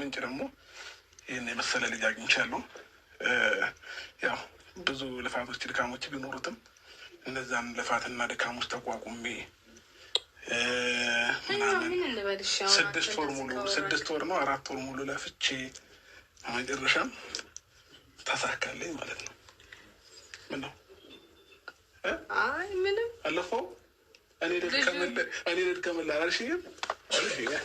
ምንጭ ደግሞ ይህን የመሰለ ልጅ አግኝቻለሁ። ያው ብዙ ልፋቶች፣ ድካሞች ቢኖሩትም እነዛን ልፋትና ድካሞች ተቋቁሜ ምናምን ስድስት ወር ሙሉ ስድስት ወር ነው አራት ወር ሙሉ ለፍቼ መጨረሻም ታሳካለኝ ማለት ነው። ምን ነው ምንም አለፈው እኔ ደድከምል እኔ ደድከምል አላልሽኝም አልሽኛል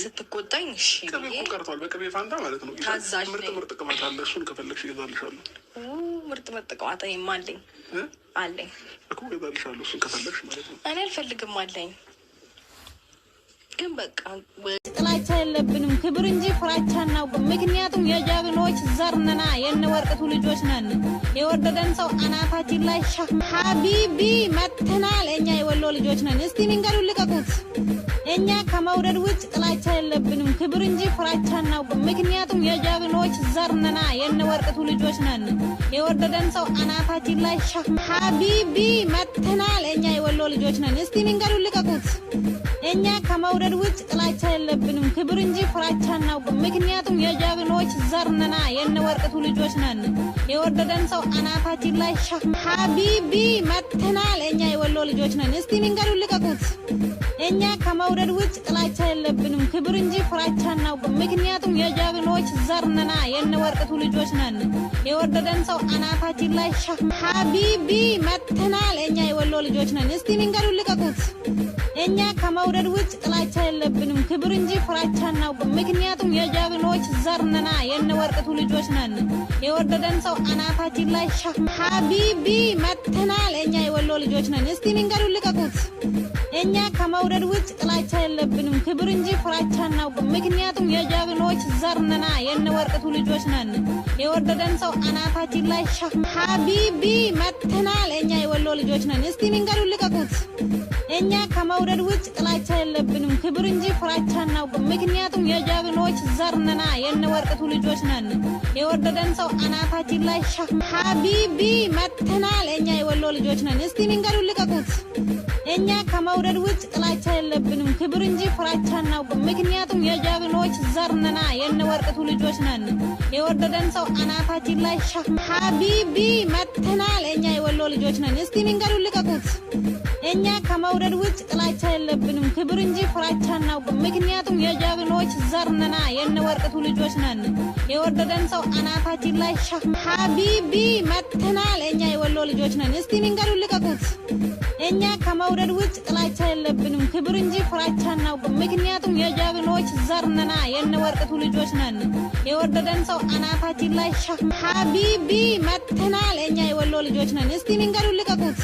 ስትቆጣኝ እሺ ቅቤ ቀርቷል። በቅቤ ፋንታ ማለት ነው። ታዛዥ ምርጥ ምርጥ ቅባት አለ። እሱን ከፈለግሽ እገዛልሻለሁ። ምርጥ ምርጥ ቅባት እኔም አለኝ አለኝ እኮ እገዛልሻለሁ። እሱን ከፈለግሽ ማለት ነው። እኔ አልፈልግም አለኝ። ግን በቃ ጥላቻ የለብንም ክብር እንጂ ፍራቻና ምክንያቱም የጀግኖች የነ የነወርቅቱ ልጆች ነን። የወደደን ሰው አናታችን ላይ ሻ ሀቢቢ መትናል። እኛ የወሎ ልጆች ነን። እስቲ መንገዱን ልቀቁት። እኛ ከመውደድ ውጭ ጥላቻ የለብንም፣ ክብር እንጂ ፍራቻ እናውቅም። ምክንያቱም የጀግኖች ዘር ነና የነወርቅቱ ልጆች ነን። የወደደን ሰው አናታችን ላይ ሻህ ሀቢቢ መጥተናል። እኛ የወሎ ልጆች ነን። እስቲ መንገዱን ልቀቁት። እኛ ከመውደድ ውጭ ጥላቻ የለብንም፣ ክብር እንጂ ፍራቻ እናውቅም። ምክንያቱም የጀግኖች ዘር ነና የነወርቅቱ ልጆች ነን። የወደደን ሰው አናታችን ላይ ሀቢቢ መትናል። እኛ የወሎ ልጆች ነን። እስቲ መንገዱ ልቀቁት። እኛ ከመውደድ ውጭ ጥላቻ የለብንም፣ ክብር እንጂ ፍራቻ ነው። ምክንያቱም የጀግኖች ዘርነና የነወርቅቱ ልጆች ነን። የወደደን ሰው አናታችን ላይ ሀቢቢ መትናል። እኛ የወሎ ልጆች ነን። እስቲ መንገዱ ልቀቁት። እኛ ከመውደድ ውጭ ጥላቻ የለብንም፣ ክብር እንጂ ፍራቻ ነው። ምክንያቱም የጀግኖች ዘርነና የነወርቅቱ ልጆች ነን። የወደደን ሰው አናታችን ላይ ሀቢቢ መተናል። እኛ የወሎ ልጆች ነን። እስቲ መንገዱን ልቀቁት። እኛ ከመውደድ ውጭ ጥላቻ የለብንም፣ ክብር እንጂ ፍራቻ አናውቅም። ምክንያቱም የጀግኖች ዘርነና የነወርቅቱ ልጆች ነን። የወደደን ሰው አናታችን ላይ ሀቢቢ መተናል። እኛ የወሎ ልጆች ነን። እስቲ መንገዱን ልቀቁት። እኛ ከመውደድ ውጭ ጥላቻ የለብንም፣ ክብር እንጂ ፍራቻ አናውቅም። ምክንያቱም የጀግ ዘርንና የነወርቅቱ ልጆች ነን። የወደደን ሰው አናታችን ላይ ሀቢቢ መተናል። እኛ የወሎ ልጆች ነን። እስቲ መንገዱን ልቀቁት። እኛ ከመውደድ ውጭ ጥላቻ የለብንም፣ ክብር እንጂ ፍራቻ አናውቅም። ምክንያቱም የጀግኖች ዘርነና የነወርቅቱ ልጆች ነን። የወደደን ሰው አናታችን ላይ ሀቢቢ መተናል። እኛ የወሎ ልጆች ነን። እስቲ መንገዱን ልቀቁት። እኛ ከመውደድ ውጭ ጥላቻ የለብንም፣ ክብር እንጂ ፍራቻ አናውቅም። ምክንያቱም ዘርነና የነወርቅቱ ልጆች ነን። የወደደን ሰው አናታችን ላይ ሀቢቢ መጥተናል። እኛ የወሎ ልጆች ነን። እስቲ መንገዱን ልቀቁት። እኛ ከመውደድ ውጭ ጥላቻ የለብንም፣ ክብር እንጂ ፍራቻ ነው። ምክንያቱም የጀግኖች ዘርነና የነወርቅቱ ልጆች ነን። የወደደን ሰው አናታችን ላይ ሀቢቢ መጥተናል። እኛ የወሎ ልጆች ነን። እስቲ መንገዱን ልቀቁት።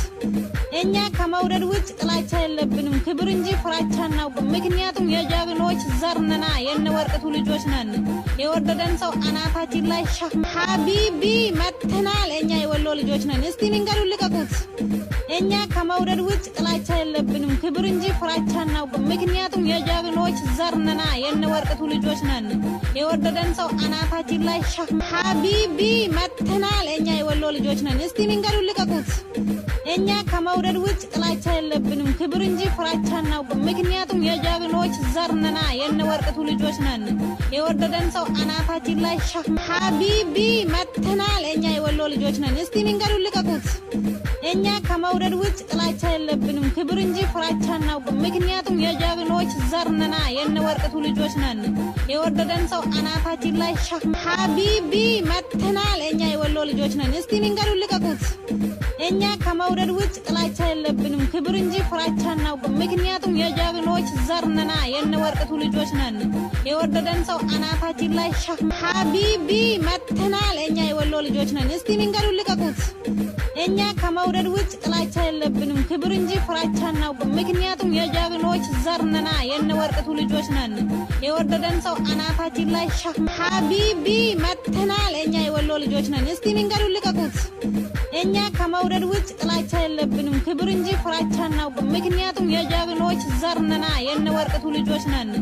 እኛ ከመውደድ ውጭ ጥላቻ የለብንም፣ ክብር እንጂ ፍራቻ ነው። ምክንያቱም ዘርንና የነወርቅቱ ልጆች ነን። የወደደን ሰው አናታችን ላይ ሀቢቢ መተናል። እኛ የወሎ ልጆች ነን። እስቲ መንገዱን ልቀቁት። እኛ ከመውደድ ውጭ ጥላቻ የለብንም፣ ክብር እንጂ ፍራቻ አናውቅም። ምክንያቱም የጀግኖች ዘርንና የነወርቅቱ ልጆች ነን። የወደደን ሰው አናታችን ላይ ሀቢቢ መተናል። እኛ የወሎ ልጆች ነን። እስቲ መንገዱን ልቀቁት። እኛ ከመውደድ ውጭ ጥላቻ የለብንም፣ ክብር እንጂ ፍራቻ አናውቅም። ምክንያቱም የጀግኖች ዘርንና የሚያቅቱ ልጆች ነን። የወደደን ሰው አናታችን ላይ ሻፍ ሀቢቢ መተናል። እኛ የወሎ ልጆች ነን። እስቲ መንገዱን ልቀቁት። እኛ ከመውደድ ውጭ ጥላቻ የለብንም። ክብር እንጂ ፍራቻ አናውቅም። ምክንያቱም የጀግኖች ዘር ነና የነወርቅቱ ልጆች ነን። የወደደን ሰው አናታችን ላይ ሻፍ ሀቢቢ መተናል። እኛ የወሎ ልጆች ነን። እስቲ መንገዱን ልቀቁት። እኛ ከመውደድ ውጭ ጥላቻ የለብንም፣ ክብር እንጂ ፍራቻ አናውቅም። ምክንያቱም የጀግኖች ዘርነና የነወርቅቱ ልጆች ነን። የወደደን ሰው አናታችን ላይ ሻ ሀቢቢ መጥተናል። እኛ የወሎ ልጆች ነን። እስቲ መንገዱን ልቀቁት። እኛ ከመውደድ ውጭ ጥላቻ የለብንም፣ ክብር እንጂ ፍራቻ አናውቅም። ምክንያቱም የጀግኖች ዘርነና የነወርቅቱ ልጆች ነን። የወደደን ሰው አናታችን ላይ ሻ ሀቢቢ መጥተናል። እኛ የወሎ ልጆች ነን። እስቲ መንገዱን ልቀቁት። እኛ ከመውደድ ውጭ ጥላቻ የለብንም፣ ክብር እንጂ ፍራቻ እናውቅም። ምክንያቱም የጀግኖች ዘር ነና የነ ወርቅቱ ልጆች ነን።